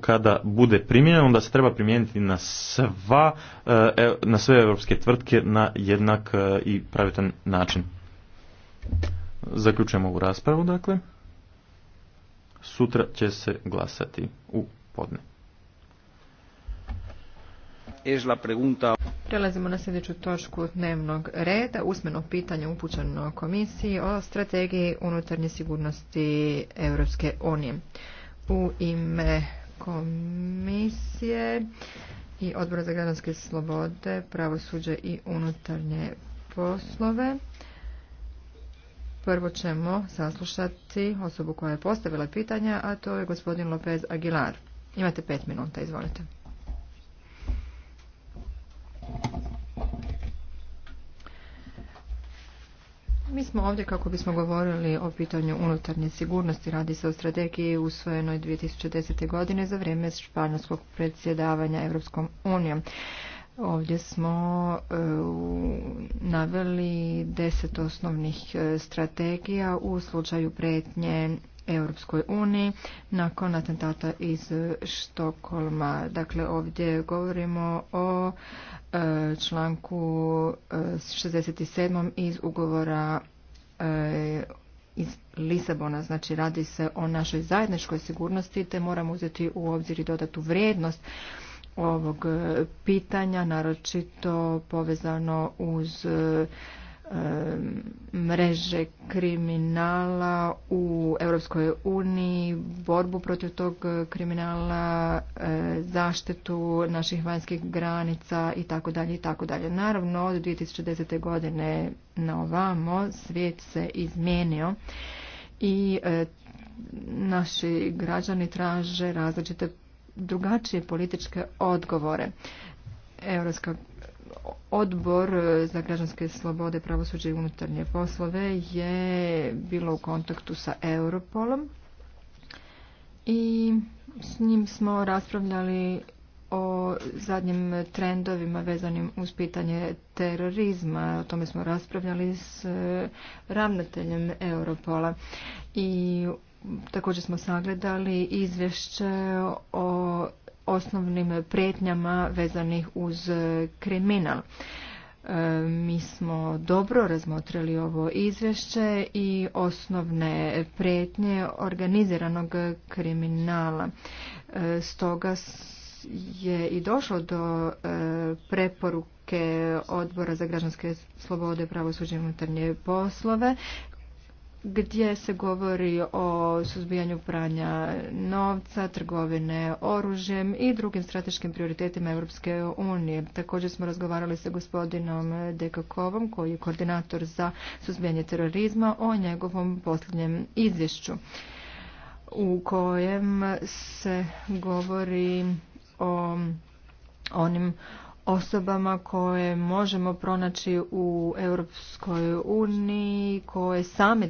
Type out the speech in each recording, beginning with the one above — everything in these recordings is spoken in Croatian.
kada bude primijenjen, onda se treba primijeniti na sva, eh, e, na sve europske tvrtke na jednak eh, i pravitan način. Zaključujemo ovu raspravu, dakle. Sutra će se glasati u podne. Prelazimo na sljedeću točku dnevnog reda, usmeno pitanje upućeno komisiji o strategiji unutarnje sigurnosti Europske unije. U ime komisije i odbora za građanske slobode, pravosuđe i unutarnje poslove. Prvo ćemo saslušati osobu koja je postavila pitanja, a to je gospodin Lopez Aguilar. Imate pet minuta, izvolite. Mi smo ovdje kako bismo govorili o pitanju unutarnje sigurnosti. Radi se o strategiji usvojenoj 2010. godine za vrijeme španjolskog predsjedavanja Europskom unijom. Ovdje smo e, naveli deset osnovnih e, strategija u slučaju pretnje Europskoj uniji nakon atentata iz Štokolma. Dakle, ovdje govorimo o e, članku 67. E, iz ugovora e, iz Lisabona, znači radi se o našoj zajedničkoj sigurnosti te moramo uzeti u obzir i dodatu vrijednost ovog pitanja, naročito povezano uz mreže kriminala u Europskoj uniji, borbu protiv tog kriminala, e, zaštitu naših vanjskih granica i tako dalje i tako dalje. Naravno od 2010. godine na ovamo svijet se izmijenio i e, naši građani traže različite drugačije političke odgovore. Europska Odbor e, za građanske slobode, pravosuđe i unutarnje poslove je bilo u kontaktu sa Europolom i s njim smo raspravljali o zadnjim trendovima vezanim uz pitanje terorizma. O tome smo raspravljali s e, ravnateljem Europola i također smo sagledali izvješće o osnovnim prijetnjama vezanih uz kriminal. E, mi smo dobro razmotrili ovo izvješće i osnovne prijetnje organiziranog kriminala. E, stoga je i došlo do e, preporuke Odbora za građanske slobode, pravosuđe i unutarnje poslove gdje se govori o suzbijanju pranja novca, trgovine oružjem i drugim strateškim prioritetima Europske unije. Također smo razgovarali sa gospodinom Dekakovom koji je koordinator za suzbijanje terorizma o njegovom posljednjem izvješću u kojem se govori o onim osobama koje možemo pronaći u Europskoj uniji koje same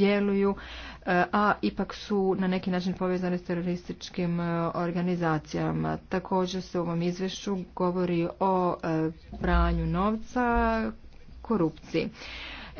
djeluju, e, a ipak su na neki način povezane s terorističkim e, organizacijama. Također se u ovom izvješću govori o e, pranju novca, korupciji.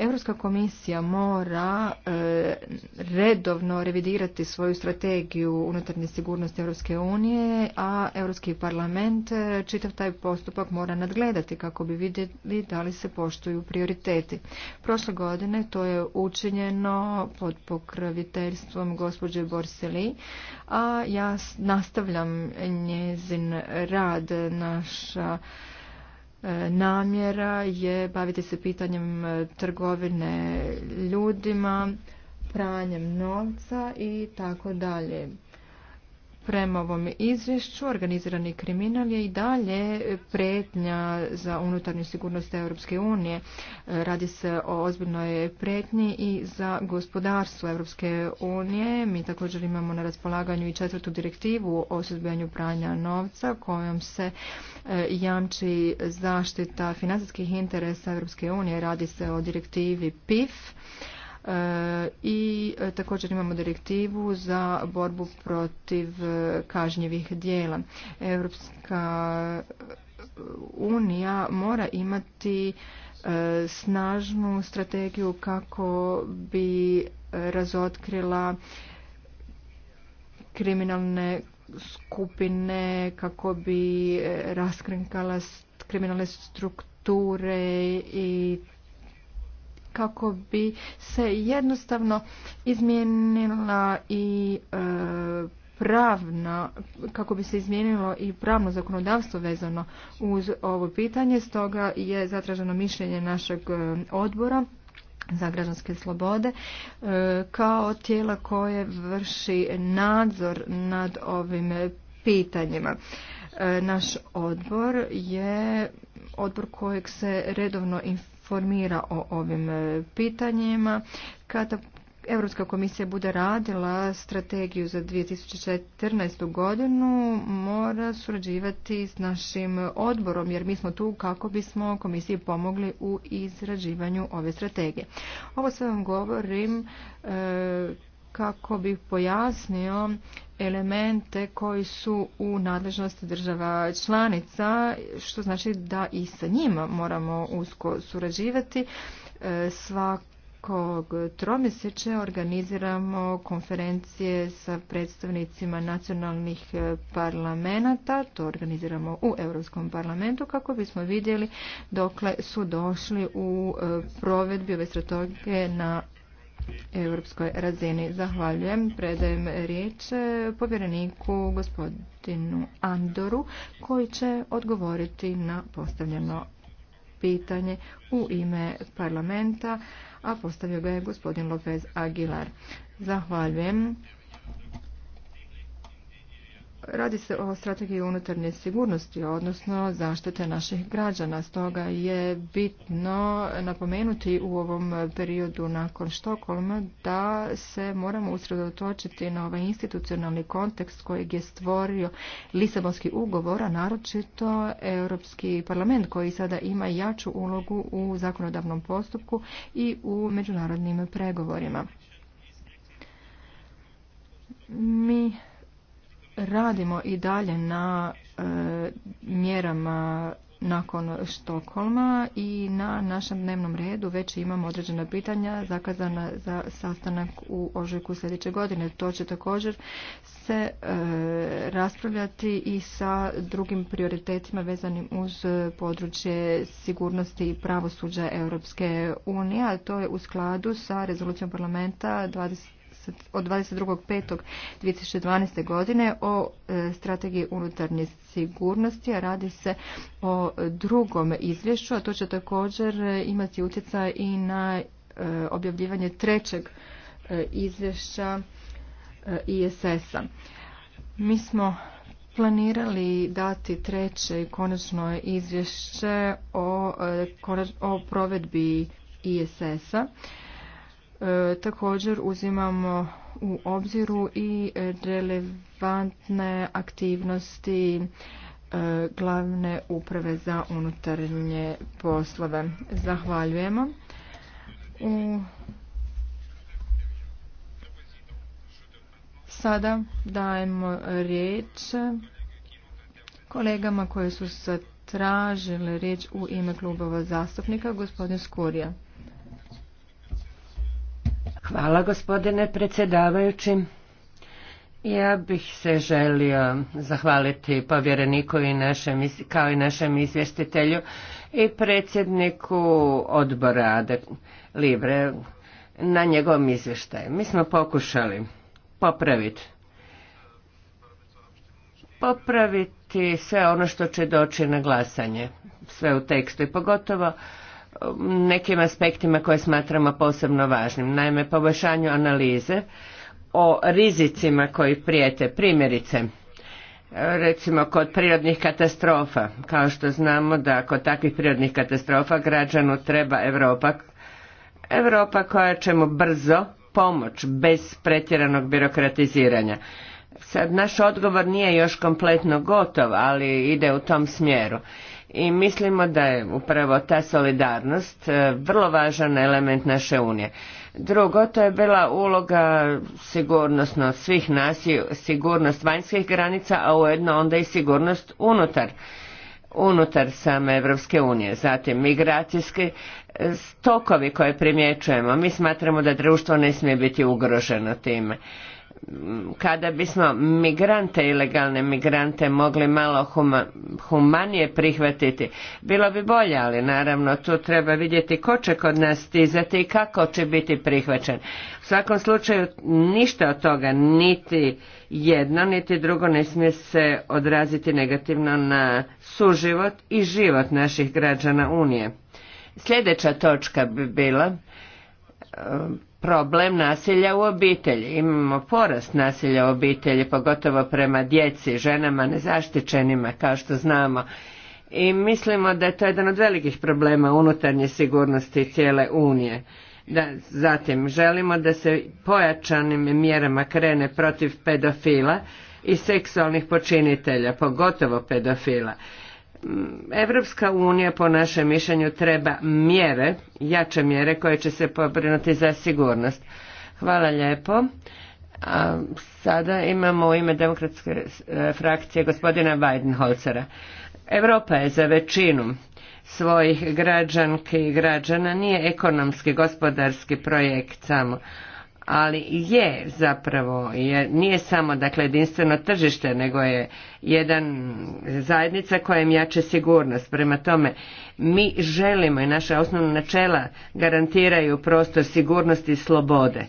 Europska komisija mora e, redovno revidirati svoju strategiju unutarnje sigurnosti Europske unije, a Europski parlament e, čitav taj postupak mora nadgledati kako bi vidjeli da li se poštuju prioriteti. Prošle godine to je učinjeno pod pokraviteljstvom gospođe Borseli, a ja nastavljam njezin rad naša E, namjera je baviti se pitanjem e, trgovine ljudima, pranjem novca i tako dalje. Prema ovom izvješću, organizirani kriminal je i dalje pretnja za unutarnju sigurnost Europske unije. Radi se o ozbiljnoj pretnji i za gospodarstvo Europske unije. Mi također imamo na raspolaganju i četvrtu direktivu o suzbijanju pranja novca kojom se e, jamči zaštita financijskih interesa Europske unije. Radi se o direktivi PIF E, i e, također imamo direktivu za borbu protiv e, kažnjivih dijela. Europska unija mora imati snažnu strategiju kako bi razotkrila kriminalne skupine, kako bi raskrinkala kriminalne strukture i kako bi se jednostavno izmijenila i e, pravna, kako bi se izmijenilo i pravno zakonodavstvo vezano uz ovo pitanje, stoga je zatraženo mišljenje našeg e, odbora za građanske slobode e, kao tijela koje vrši nadzor nad ovim pitanjima. Naš odbor je odbor kojeg se redovno informira o ovim e, pitanjima. Kada Europska komisija bude radila strategiju za 2014. godinu, mora surađivati s našim odborom, jer mi smo tu kako bismo komisiji pomogli u izrađivanju ove strategije. Ovo sve vam govorim e, kako bih pojasnio elemente koji su u nadležnosti država članica, što znači da i sa njima moramo usko surađivati. E, svakog tromjeseče organiziramo konferencije sa predstavnicima nacionalnih e, parlamenta, to organiziramo u Europskom parlamentu kako bismo vidjeli dokle su došli u e, provedbi ove strategije na europskoj razini. Zahvaljujem. Predajem riječ e, povjereniku gospodinu Andoru koji će odgovoriti na postavljeno pitanje u ime parlamenta, a postavio ga je gospodin Lopez Aguilar. Zahvaljujem Radi se o strategiji unutarnje sigurnosti, odnosno zaštite naših građana. Stoga je bitno napomenuti u ovom periodu nakon Štokolma da se moramo usredotočiti na ovaj institucionalni kontekst kojeg je stvorio Lisabonski ugovor, a naročito Europski parlament koji sada ima jaču ulogu u zakonodavnom postupku i u međunarodnim pregovorima. Mi radimo i dalje na e, mjerama nakon Štokolma i na našem dnevnom redu već imamo određena pitanja zakazana za sastanak u ožujku sljedeće godine. To će također se e, raspravljati i sa drugim prioritetima vezanim uz područje sigurnosti i pravosuđa Europske unije, a to je u skladu sa rezolucijom parlamenta od 22.5.2012. godine o e, strategiji unutarnje sigurnosti, a radi se o drugom izvješću, a to će također e, imati utjecaj i na e, objavljivanje trećeg izvješća ISS-a. Mi smo planirali dati treće i konačno izvješće o, o provedbi ISS-a E, također uzimamo u obziru i relevantne aktivnosti e, glavne uprave za unutarnje poslove. Zahvaljujemo. Sada dajemo riječ kolegama koje su se tražile riječ u ime klubova zastupnika, gospodin Skurija. Hvala gospodine predsjedavajući. Ja bih se želio zahvaliti povjereniku i našem, kao i našem izvjestitelju i predsjedniku odbora Libre na njegovom izvještaju. Mi smo pokušali popraviti popraviti sve ono što će doći na glasanje, sve u tekstu i pogotovo nekim aspektima koje smatramo posebno važnim. Naime, poboljšanju analize o rizicima koji prijete, primjerice, recimo kod prirodnih katastrofa, kao što znamo da kod takvih prirodnih katastrofa građanu treba Europa, Europa koja će mu brzo pomoć bez pretjeranog birokratiziranja. Sad, naš odgovor nije još kompletno gotov, ali ide u tom smjeru. I mislimo da je upravo ta solidarnost e, vrlo važan element naše unije. Drugo, to je bila uloga sigurnosno svih nas i sigurnost vanjskih granica, a ujedno onda i sigurnost unutar unutar same Evropske unije. Zatim migracijski e, stokovi koje primjećujemo. Mi smatramo da društvo ne smije biti ugroženo time kada bismo migrante, ilegalne migrante mogli malo humanije prihvatiti, bilo bi bolje, ali naravno tu treba vidjeti ko će kod nas stizati i kako će biti prihvaćen. U svakom slučaju ništa od toga, niti jedno, niti drugo ne smije se odraziti negativno na suživot i život naših građana Unije. Sljedeća točka bi bila problem nasilja u obitelji. Imamo porast nasilja u obitelji, pogotovo prema djeci, ženama, nezaštićenima, kao što znamo. I mislimo da je to jedan od velikih problema unutarnje sigurnosti cijele Unije. Da, zatim, želimo da se pojačanim mjerama krene protiv pedofila i seksualnih počinitelja, pogotovo pedofila Evropska unija po našem mišljenju treba mjere, jače mjere koje će se pobrinuti za sigurnost. Hvala lijepo. A sada imamo u ime demokratske e, frakcije gospodina Weidenholzera. Europa je za većinu svojih građanki i građana nije ekonomski, gospodarski projekt samo ali je zapravo, je nije samo dakle jedinstveno tržište, nego je jedan zajednica koja im jače sigurnost. Prema tome, mi želimo i naša osnovna načela garantiraju prostor sigurnosti i slobode.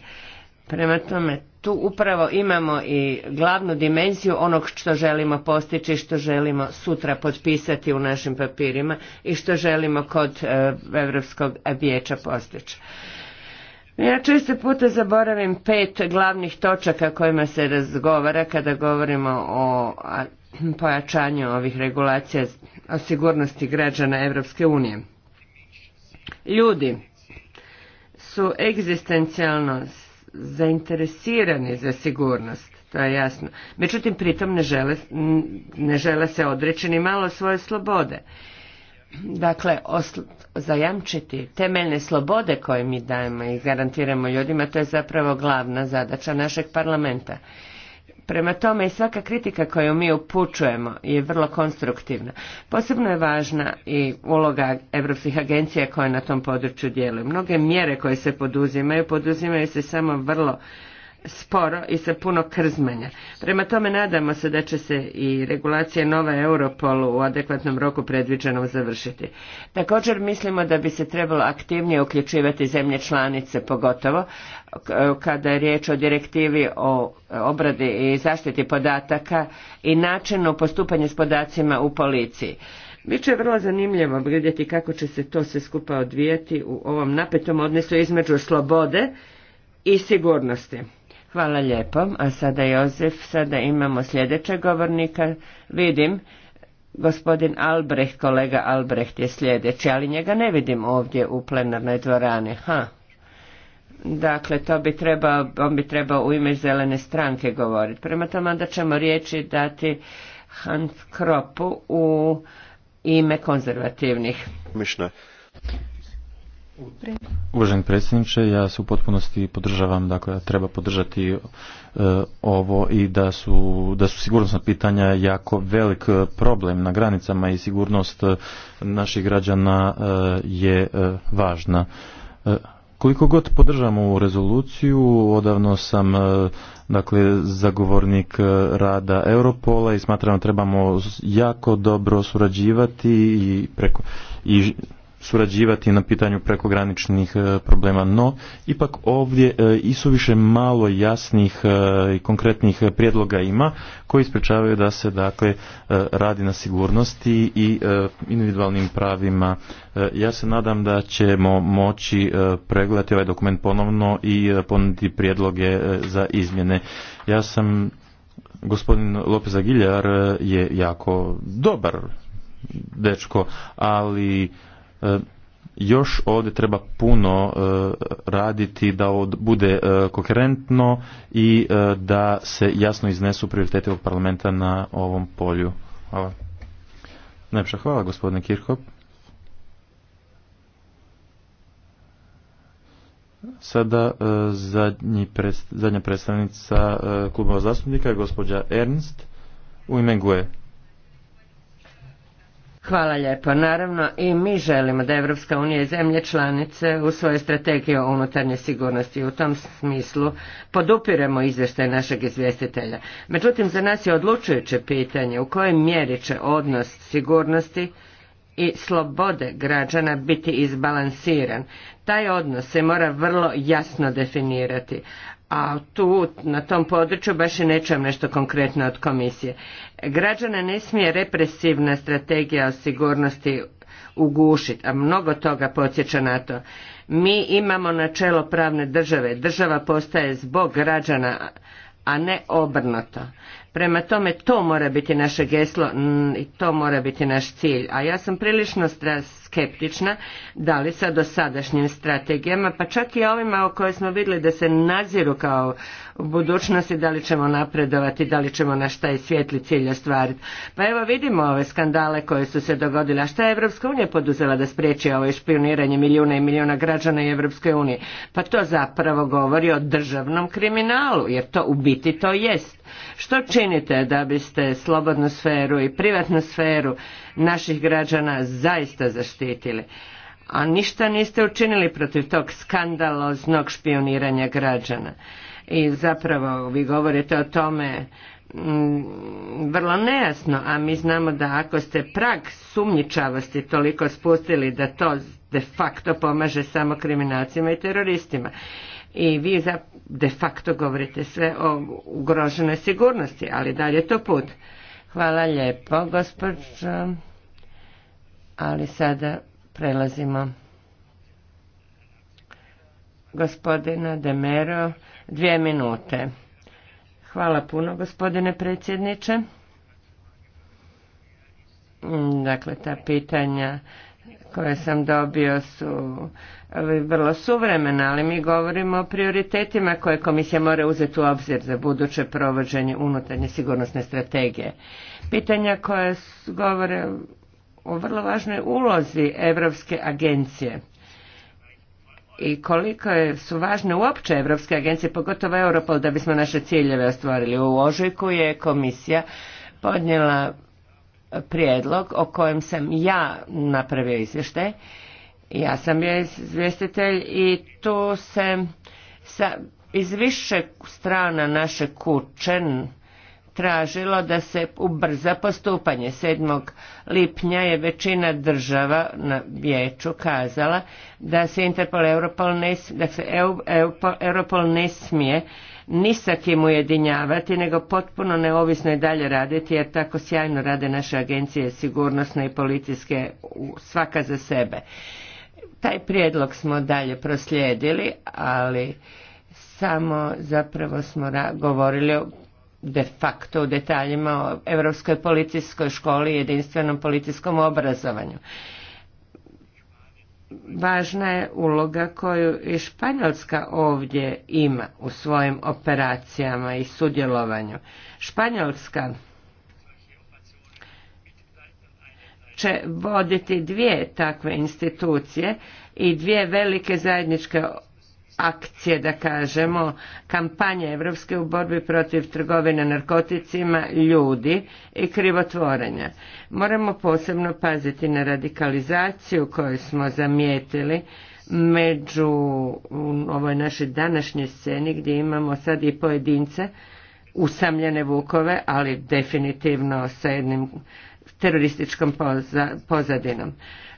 Prema tome, tu upravo imamo i glavnu dimenziju onog što želimo postići, što želimo sutra potpisati u našim papirima i što želimo kod Europskog vijeća postići. Ja često puta zaboravim pet glavnih točaka kojima se razgovara kada govorimo o pojačanju ovih regulacija o sigurnosti građana Europske unije. Ljudi su egzistencijalno zainteresirani za sigurnost, to je jasno. Međutim, pritom ne žele, ne žele se odreći ni malo svoje slobode. Dakle, zajamčiti temeljne slobode koje mi dajemo i garantiramo ljudima, to je zapravo glavna zadaća našeg parlamenta. Prema tome i svaka kritika koju mi upućujemo je vrlo konstruktivna. Posebno je važna i uloga evropskih agencija koje na tom području djeluju. Mnoge mjere koje se poduzimaju, poduzimaju se samo vrlo sporo i sa puno krzmanja. Prema tome nadamo se da će se i regulacija nova Europolu u adekvatnom roku predviđenom završiti. Također mislimo da bi se trebalo aktivnije uključivati zemlje članice pogotovo kada je riječ o direktivi o obradi i zaštiti podataka i načinu postupanja s podacima u policiji. Biće vrlo zanimljivo vidjeti kako će se to sve skupa odvijati u ovom napetom odnosu između slobode i sigurnosti. Hvala lijepo. A sada Jozef, sada imamo sljedećeg govornika. Vidim, gospodin Albrecht, kolega Albrecht je sljedeći, ali njega ne vidim ovdje u plenarnoj dvorani. Ha. Dakle, to bi trebao, on bi trebao u ime zelene stranke govoriti. Prema tome onda ćemo riječi dati Hans Kropu u ime konzervativnih. Mišna. Uvaženi predsjedniče, ja se u potpunosti podržavam, dakle treba podržati e, ovo i da su, da sigurnosna pitanja jako velik e, problem na granicama i sigurnost e, naših građana je važna. Koliko god podržam ovu rezoluciju, odavno sam dakle zagovornik rada Europola i smatram da trebamo jako dobro surađivati i preko i surađivati na pitanju prekograničnih e, problema, no ipak ovdje e, i su više malo jasnih e, i konkretnih prijedloga ima koji sprečavaju da se dakle radi na sigurnosti i individualnim pravima. Ja se nadam da ćemo moći pregledati ovaj dokument ponovno i ponuditi prijedloge za izmjene. Ja sam gospodin Lopez Aguilar je jako dobar dečko, ali E, još ovdje treba puno e, raditi da bude e, koherentno i da se jasno iznesu prioriteti ovog parlamenta na ovom polju. Hvala. Najpša hvala gospodine Kirhop. Sada zadnja predstavnica klubova zastupnika je gospođa Ernst u ime GUE. Hvala lijepo. Naravno i mi želimo da Evropska unija i zemlje članice u svojoj strategiji o unutarnje sigurnosti u tom smislu podupiremo izvještaj našeg izvjestitelja. Međutim, za nas je odlučujuće pitanje u kojoj mjeri će odnos sigurnosti i slobode građana biti izbalansiran. Taj odnos se mora vrlo jasno definirati, a tu na tom području baš i nećem nešto konkretno od komisije. Građana ne smije represivna strategija o sigurnosti ugušiti, a mnogo toga podsjeća na to. Mi imamo načelo pravne države, država postaje zbog građana, a ne obrnuto. Prema tome, to mora biti naše geslo i to mora biti naš cilj. A ja sam prilično skeptična da li sa dosadašnjim strategijama, pa čak i ovima o kojoj smo vidjeli da se naziru kao u budućnosti, da li ćemo napredovati, da li ćemo naš taj svijetli cilj ostvariti. Pa evo vidimo ove skandale koje su se dogodile. A šta je Evropska unija poduzela da spriječi ovo špioniranje milijuna i milijuna građana i Evropske unije? Pa to zapravo govori o državnom kriminalu, jer to u biti to jest što činite da biste slobodnu sferu i privatnu sferu naših građana zaista zaštitili? A ništa niste učinili protiv tog skandaloznog špioniranja građana. I zapravo vi govorite o tome mm, vrlo nejasno, a mi znamo da ako ste prag sumnjičavosti toliko spustili da to de facto pomaže samo kriminalcima i teroristima i vi za de facto govorite sve o ugroženoj sigurnosti, ali dalje je to put. Hvala lijepo, gospođo. Ali sada prelazimo. Gospodina Demero, dvije minute. Hvala puno, gospodine predsjedniče. Dakle, ta pitanja koje sam dobio su vrlo suvremena, ali mi govorimo o prioritetima koje komisija mora uzeti u obzir za buduće provođenje unutarnje sigurnosne strategije. Pitanja koja govore o vrlo važnoj ulozi Europske agencije i koliko je, su važne uopće Europske agencije, pogotovo Europol, da bismo naše ciljeve ostvarili. U ožujku je komisija podnijela prijedlog o kojem sam ja napravio izvještaj. Ja sam je izvjestitelj i tu se sa, iz više strana naše kuće tražilo da se ubrza postupanje. 7. lipnja je većina država na vijeću kazala da se Interpol Europol ne, da se Europol ne smije ni sa kim ujedinjavati, nego potpuno neovisno i dalje raditi, jer tako sjajno rade naše agencije sigurnosne i policijske, svaka za sebe. Taj prijedlog smo dalje proslijedili, ali samo zapravo smo govorili de facto u detaljima o Europskoj policijskoj školi i jedinstvenom policijskom obrazovanju važna je uloga koju i Španjolska ovdje ima u svojim operacijama i sudjelovanju. Španjolska će voditi dvije takve institucije i dvije velike zajedničke akcije, da kažemo, kampanje Evropske u borbi protiv trgovine narkoticima ljudi i krivotvorenja. Moramo posebno paziti na radikalizaciju koju smo zamijetili među u ovoj našoj današnjoj sceni gdje imamo sad i pojedince usamljene vukove, ali definitivno sa jednim terorističkom pozadinom.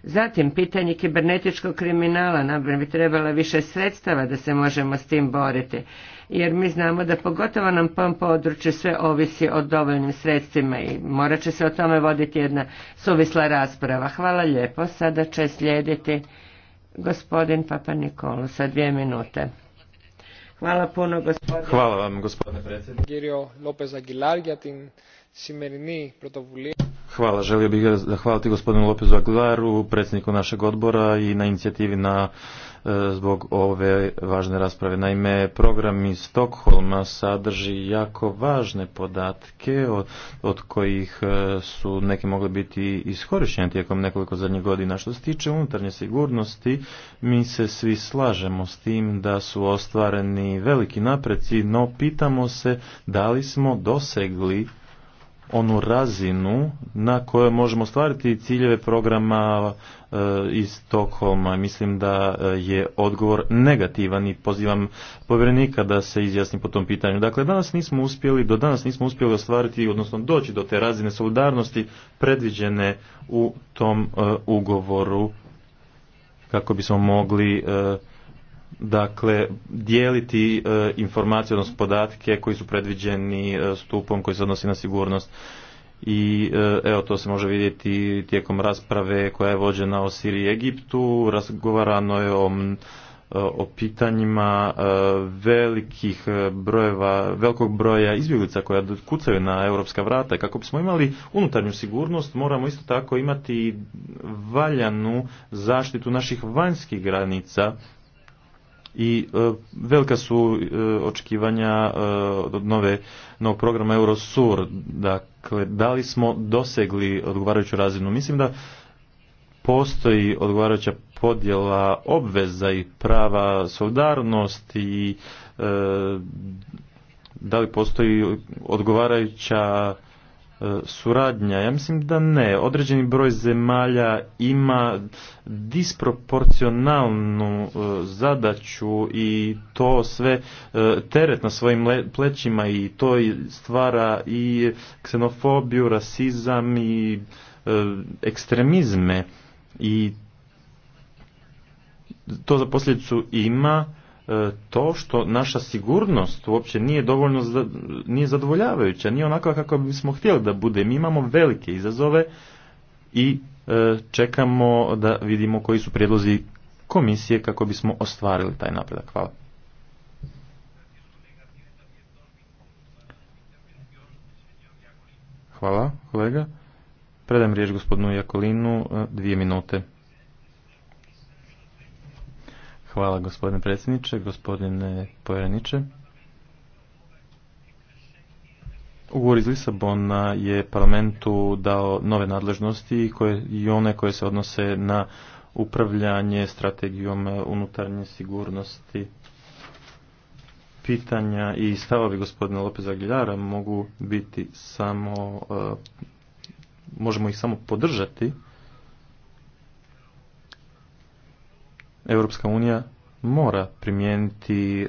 Zatim, pitanje kibernetičkog kriminala, nam bi trebala više sredstava da se možemo s tim boriti, jer mi znamo da pogotovo nam pom području sve ovisi o dovoljnim sredstvima i morat će se o tome voditi jedna suvisla rasprava. Hvala lijepo, sada će slijediti gospodin Papa Nikolu sa dvije minute. Hvala puno gospodine. Hvala vam gospodine predsjedniče. Lopez Hvala. Želio bih zahvaliti gospodinu Lopezu Aguilaru, predsjedniku našeg odbora i na inicijativi na e, zbog ove važne rasprave. Naime, program iz Stokholma sadrži jako važne podatke od, od kojih e, su neke mogle biti iskorištene tijekom nekoliko zadnjih godina. Što se tiče unutarnje sigurnosti, mi se svi slažemo s tim da su ostvareni veliki napreci, no pitamo se da li smo dosegli onu razinu na kojoj možemo stvariti ciljeve programa e, iz Stokholma. Mislim da e, je odgovor negativan i pozivam povjerenika da se izjasni po tom pitanju. Dakle, danas nismo uspjeli, do danas nismo uspjeli ostvariti, odnosno doći do te razine solidarnosti predviđene u tom e, ugovoru kako bismo mogli dakle dijeliti e, informacije odnosno podatke koji su predviđeni e, stupom koji se odnosi na sigurnost i e, evo to se može vidjeti tijekom rasprave koja je vođena o Siriji i Egiptu razgovarano je o o pitanjima velikih brojeva, velikog broja izbjeglica koja kucaju na europska vrata. Kako bismo imali unutarnju sigurnost, moramo isto tako imati valjanu zaštitu naših vanjskih granica i e, velika su e, očekivanja e, od nove, novog programa Eurosur. Dakle, da li smo dosegli odgovarajuću razinu? Mislim da postoji odgovarajuća podjela obveza i prava solidarnost i da li postoji odgovarajuća suradnja? Ja mislim da ne. Određeni broj zemalja ima disproporcionalnu e, zadaću i to sve e, teret na svojim plećima i to stvara i ksenofobiju, rasizam i e, ekstremizme i to za posljedicu ima E, to što naša sigurnost uopće nije dovoljno nije zadovoljavajuća, nije onako kako bismo htjeli da bude. Mi imamo velike izazove i e, čekamo da vidimo koji su prijedlozi komisije kako bismo ostvarili taj napredak. Hvala. Hvala, kolega. Predam riječ gospodinu Jakolinu, e, dvije minute. Hvala gospodine predsjedniče, gospodine povjereniče. Ugovor iz Lisabona je parlamentu dao nove nadležnosti koje, i one koje se odnose na upravljanje strategijom unutarnje sigurnosti. Pitanja i stavovi gospodina Lopeza Aguilara mogu biti samo, eh, možemo ih samo podržati, Europska unija mora primijeniti e,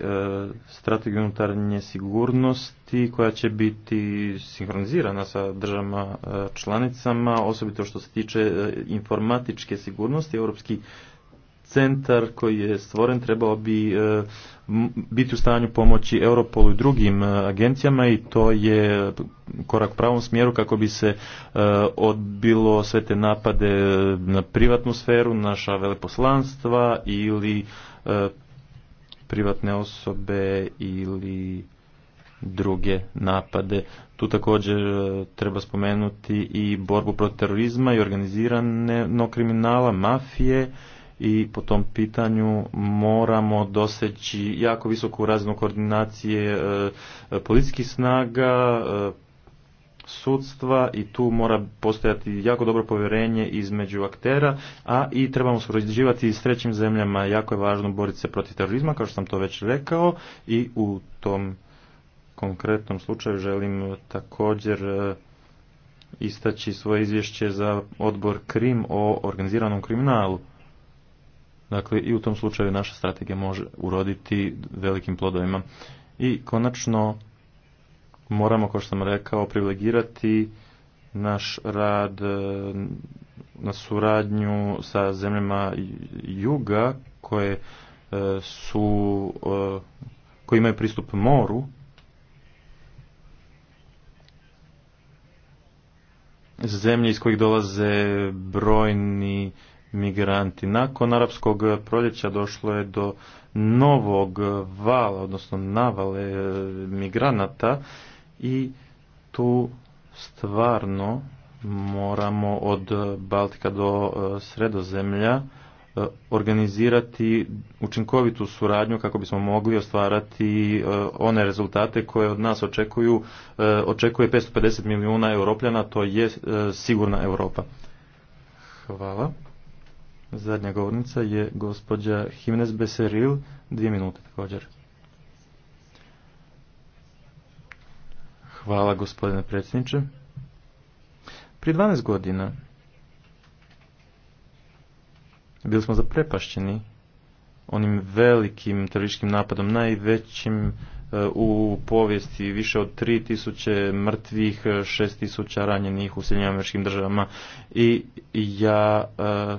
strategiju unutarnje sigurnosti koja će biti sinhronizirana sa državama e, članicama, osobito što se tiče e, informatičke sigurnosti. Europski centar koji je stvoren trebao bi e, biti u stanju pomoći Europolu i drugim e, agencijama i to je korak u pravom smjeru kako bi se e, odbilo sve te napade na privatnu sferu, naša veleposlanstva ili privatne osobe ili druge napade. Tu također treba spomenuti i borbu protiv terorizma i organizirane kriminala, mafije i po tom pitanju moramo doseći jako visoku razinu koordinacije e, policijskih snaga, e, sudstva i tu mora postojati jako dobro povjerenje između aktera, a i trebamo surađivati s trećim zemljama. Jako je važno boriti se protiv terorizma, kao što sam to već rekao i u tom konkretnom slučaju želim također e, istaći svoje izvješće za odbor Krim o organiziranom kriminalu. Dakle, i u tom slučaju naša strategija može uroditi velikim plodovima. I konačno moramo, kao što sam rekao, privilegirati naš rad e, na suradnju sa zemljama juga koje e, su e, koji imaju pristup moru zemlje iz kojih dolaze brojni migranti. Nakon arapskog proljeća došlo je do novog vala, odnosno navale e, migranata i tu stvarno moramo od Baltika do e, Sredozemlja e, organizirati učinkovitu suradnju kako bismo mogli ostvarati one rezultate koje od nas očekuju, očekuje 550 milijuna europljana, to je sigurna Europa. Hvala. Zadnja govornica je gospođa Jimenez Beseril, dvije minute također. Hvala gospodine predsjedniče. Prije 12 godina bili smo zaprepašćeni onim velikim terorističkim napadom, najvećim e, u povijesti, više od 3000 mrtvih, 6000 ranjenih u Sjedinjavim državama i ja e,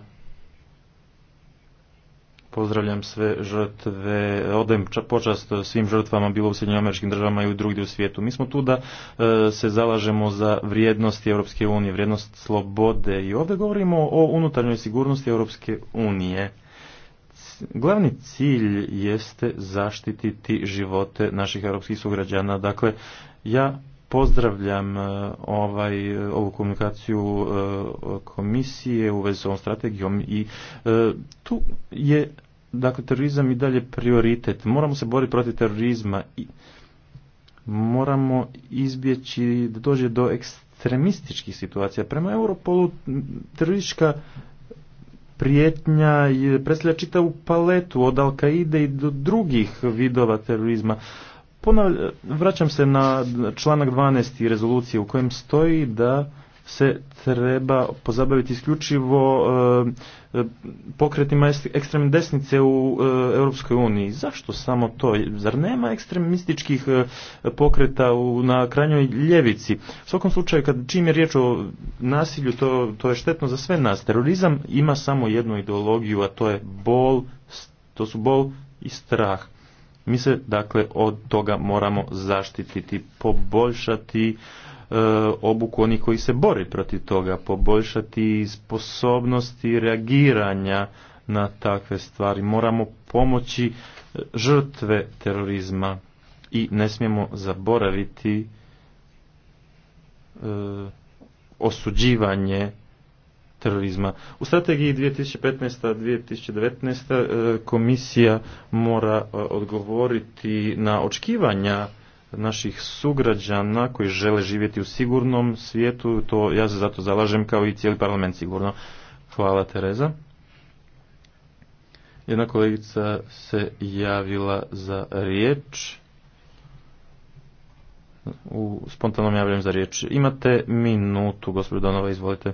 Pozdravljam sve žrtve, odajem počast svim žrtvama bilo u Sjedinjim američkim državama i u drugdje u svijetu. Mi smo tu da e, se zalažemo za vrijednosti Europske unije, vrijednost slobode i ovdje govorimo o unutarnjoj sigurnosti Europske unije. Glavni cilj jeste zaštititi živote naših europskih sugrađana. Dakle, ja pozdravljam e, ovaj, ovu komunikaciju e, komisije u vezi s ovom strategijom i tu je dakle, terorizam i dalje prioritet. Moramo se boriti protiv terorizma i moramo izbjeći da dođe do ekstremističkih situacija. Prema Europolu teroristička prijetnja je predstavlja čitavu paletu od al i do drugih vidova terorizma. Ponavlja, vraćam se na članak 12. rezolucije u kojem stoji da se treba pozabaviti isključivo e, e, pokretima ekstremne desnice u e, Europskoj uniji. Zašto samo to? Zar nema ekstremističkih pokreta u, na krajnjoj ljevici? U svakom slučaju, kad čim je riječ o nasilju, to, to je štetno za sve nas. Terorizam ima samo jednu ideologiju, a to je bol, to su bol i strah. Mi se, dakle, od toga moramo zaštititi, poboljšati E, obuku onih koji se bore protiv toga, poboljšati sposobnosti reagiranja na takve stvari. Moramo pomoći žrtve terorizma i ne smijemo zaboraviti e, osuđivanje terorizma. U strategiji 2015-2019 e, komisija mora odgovoriti na očekivanja naših sugrađana koji žele živjeti u sigurnom svijetu, to ja se zato zalažem kao i cijeli parlament sigurno. Hvala Tereza. Jedna kolegica se javila za riječ. U spontanom javljam za riječ. Imate minutu, gospođo Donova, izvolite.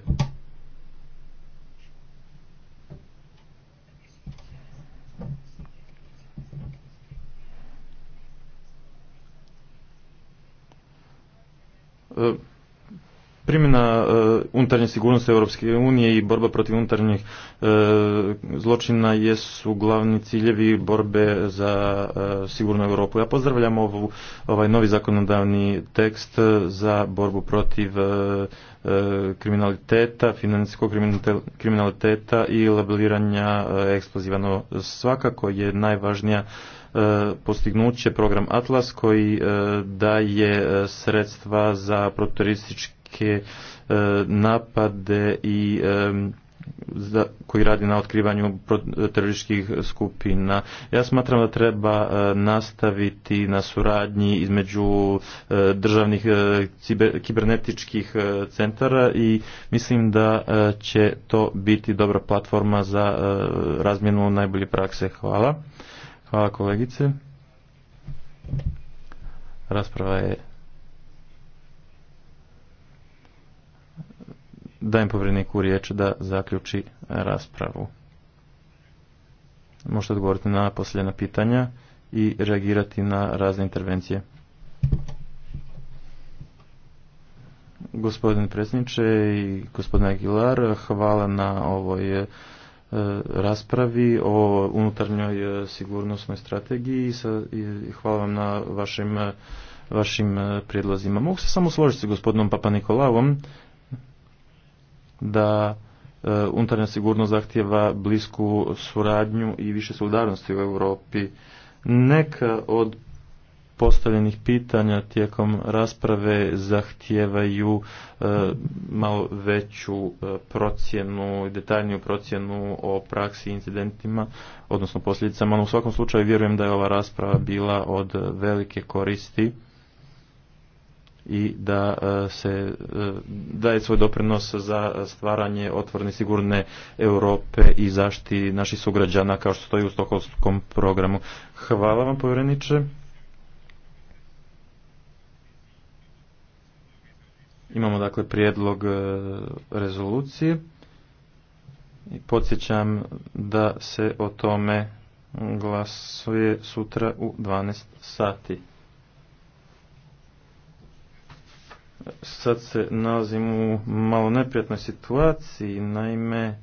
E, primjena e, unutarnje sigurnosti Europske unije i borba protiv unutarnjih e, zločina jesu glavni ciljevi borbe za sigurnu Europu. Ja pozdravljam ovu, ovaj novi zakonodavni tekst za borbu protiv kriminaliteta, financijskog kriminaliteta i labeliranja eksploziva. svakako je najvažnija E, postignuće program Atlas koji e, daje e, sredstva za protorističke napade i koji radi na otkrivanju terorističkih skupina. Ja smatram da treba nastaviti na suradnji između državnih kibernetičkih centara i mislim da će to biti dobra platforma za razmjenu najbolje prakse. Hvala. Hvala kolegice. Rasprava je dajem povredniku riječ da zaključi raspravu. Možete odgovoriti na posljedna pitanja i reagirati na razne intervencije. Gospodin predsjedniče i gospodin Aguilar, hvala na ovoj E, raspravi o unutarnjoj e, sigurnosnoj strategiji i hvala vam na vašim, e, vašim prijedlozima. Mogu se samo složiti s gospodinom Papa Nikolavom da unutarnja sigurnost zahtjeva blisku suradnju i više solidarnosti u Europi. Neka od postavljenih pitanja tijekom rasprave zahtijevaju e, malo veću e, procjenu i detaljniju procjenu o praksi i incidentima, odnosno posljedicama. No, u svakom slučaju vjerujem da je ova rasprava bila od velike koristi i da e, se daje svoj doprinos za stvaranje otvorene sigurne Europe i zaštiti naših sugrađana kao što stoji u stokolskom programu. Hvala vam povjereniče. Imamo dakle prijedlog e, rezolucije i podsjećam da se o tome glasuje sutra u 12 sati. Sad se nalazim u malo neprijatnoj situaciji, naime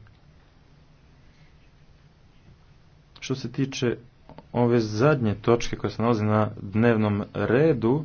što se tiče ove zadnje točke koje se nalazi na dnevnom redu,